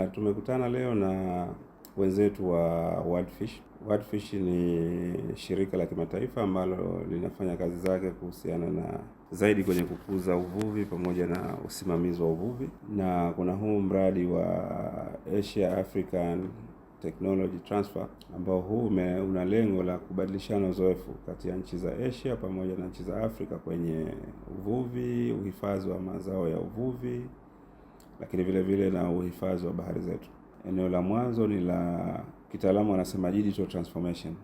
Uh, tumekutana leo na wenzetu wa WorldFish. WorldFish ni shirika la kimataifa ambalo linafanya kazi zake kuhusiana na zaidi kwenye kukuza uvuvi pamoja na usimamizi wa uvuvi, na kuna huu mradi wa Asia African Technology Transfer ambao huu una lengo la kubadilishana uzoefu kati ya nchi za Asia pamoja na nchi za Afrika kwenye uvuvi, uhifadhi wa mazao ya uvuvi lakini vile vile na uhifadhi wa bahari zetu. Eneo la mwanzo ni la kitaalamu wanasema digital transformation,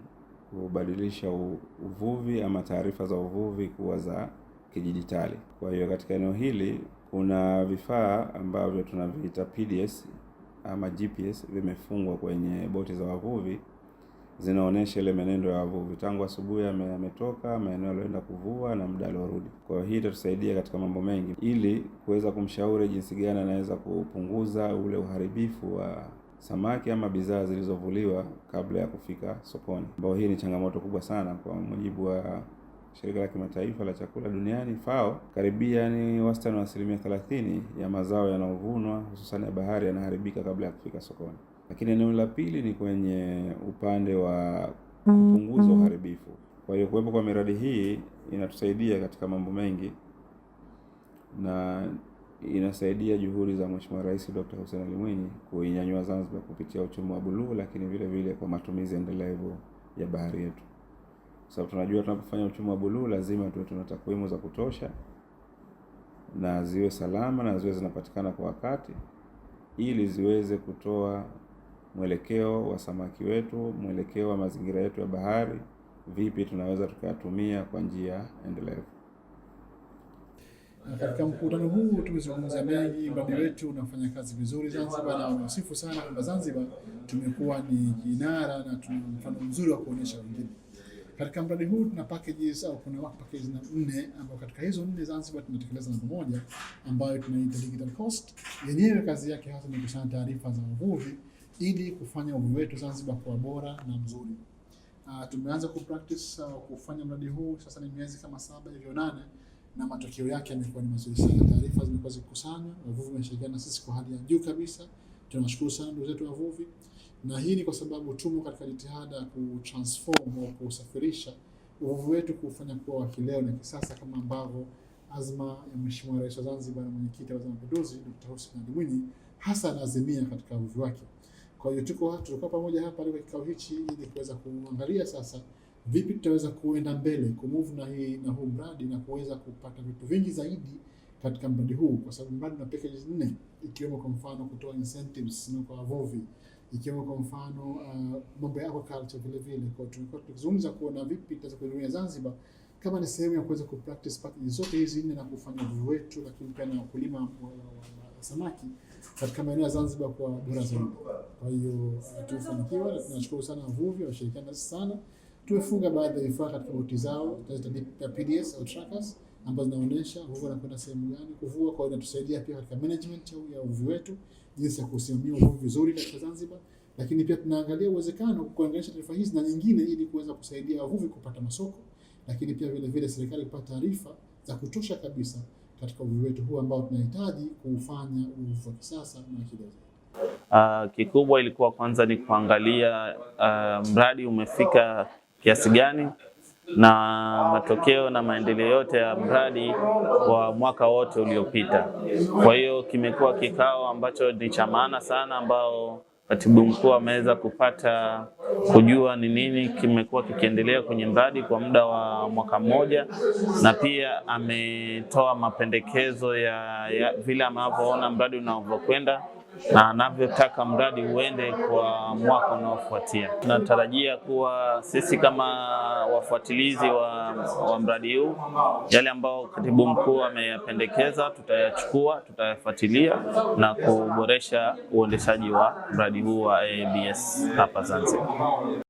kubadilisha uvuvi ama taarifa za uvuvi kuwa za kidijitali. Kwa hiyo katika eneo hili kuna vifaa ambavyo tunaviita PDS ama GPS vimefungwa kwenye boti za wavuvi zinaonyesha ile menendo ya wavuvi tangu asubuhi ametoka maeneo alioenda kuvua na muda aliorudi. Kwa hiyo hii itatusaidia katika mambo mengi, ili kuweza kumshauri jinsi gani anaweza kupunguza ule uharibifu wa samaki ama bidhaa zilizovuliwa kabla ya kufika sokoni, ambao hii ni changamoto kubwa sana kwa mujibu wa shirika la kimataifa la chakula duniani FAO, karibia ni wastani wa asilimia 30 ya mazao yanayovunwa hususan ya bahari yanaharibika kabla ya kufika sokoni. Lakini eneo la pili ni kwenye upande wa kupunguza mm-hmm. uharibifu. Kwa hiyo kuwepo kwa miradi hii inatusaidia katika mambo mengi na inasaidia juhudi za Mheshimiwa Rais Dr. Hussein Ali Mwinyi kuinyanyua Zanzibar kupitia uchumi wa buluu, lakini vile vile kwa matumizi endelevu ya bahari yetu, kwa sababu tunajua tunapofanya uchumi wa buluu lazima tuwe tuna takwimu za kutosha na ziwe salama na ziwe zinapatikana kwa wakati ili ziweze kutoa mwelekeo wa samaki wetu, mwelekeo wa mazingira yetu ya bahari, vipi tunaweza tukayatumia kwa njia endelevu. Na katika mkutano huu tumezungumza mengi, mradi wetu unafanya kazi vizuri Zanzibar, na unasifu sana kwamba Zanzibar tumekuwa ni kinara na tuna mfano mzuri wa kuonyesha wengine. Katika mradi huu tuna packages au kuna work packages na nne ambapo katika hizo nne Zanzibar tumetekeleza namba moja ambayo tunaita digital coast. Yenyewe kazi yake hasa ni kusanya taarifa za uvuvi ili kufanya umri wetu Zanzibar kuwa bora na mzuri. Uh, tumeanza ku practice uh, ah, kufanya mradi huu sasa ni miezi kama saba hivyo nane, na matokeo yake yamekuwa ni mazuri sana. Taarifa zimekuwa zikusanywa, wavuvi wameshirikiana na sisi kwa hali ya juu kabisa. Tunashukuru sana ndugu zetu wavuvi, na hii ni kwa sababu tumo katika jitihada ku transform au kusafirisha uvuvi wetu kufanya kuwa wa kileo na kisasa kama ambavyo azma ya Mheshimiwa Rais wa Zanzibar na mwenyekiti wa Mapinduzi Dr. Hussein Ali Mwinyi hasa anaazimia katika uvuvi wake. Kwa hiyo tuko tulikuwa pamoja hapa leo kikao hichi ili kuweza kuangalia sasa vipi tutaweza kuenda mbele ku move na hii na huu mradi na kuweza kupata vitu vingi zaidi katika mradi huu, kwa sababu mradi una packages nne, ikiwemo kwa mfano kutoa incentives na kwa wavuvi, ikiwemo kwa mfano uh, mambo ya aquaculture vile vile. Kwa tulikuwa tukizungumza kuona vipi tutaweza kuinua Zanzibar kama ni sehemu ya kuweza ku kupractice zote hizi nne na kufanya uvuvi wetu, lakini pia na ukulima wa samaki katika maeneo ya Zanzibar kwa bora zaidi. Kwa hiyo eh, tumefanikiwa na tunashukuru sana wavuvi, washirikiana nasi sana. Tumefunga baadhi ya vifaa katika boti zao za PDS eh, au trackers ambazo zinaonyesha wavuvi wanakwenda sehemu gani kuvua. Kwa hiyo inatusaidia pia katika management ya uvuvi wetu, jinsi ya kusimamia uvuvi vizuri katika Zanzibar, lakini pia tunaangalia uwezekano wa kuunganisha taarifa hizi na nyingine ili kuweza kusaidia wavuvi kupata masoko, lakini pia vile vile serikali kupata taarifa za kutosha kabisa katika uvi wetu huu ambao tunahitaji kuufanya uvuvi wa kisasa na akili zaidi. Uh, ah, kikubwa ilikuwa kwanza ni kuangalia uh, mradi umefika kiasi gani na matokeo na maendeleo yote ya mradi wa mwaka wote uliopita. Kwa hiyo kimekuwa kikao ambacho ni cha maana sana, ambao katibu mkuu ameweza kupata kujua ni nini kimekuwa kikiendelea kwenye mradi kwa muda wa mwaka mmoja, na pia ametoa mapendekezo ya, ya vile anavyoona mradi unavyokwenda na anavyotaka mradi uende kwa mwaka unaofuatia. Tunatarajia kuwa sisi kama wafuatilizi wa, wa mradi huu, yale ambao katibu mkuu ameyapendekeza tutayachukua, tutayafuatilia na kuboresha uendeshaji wa mradi huu wa AABS hapa Zanzibar.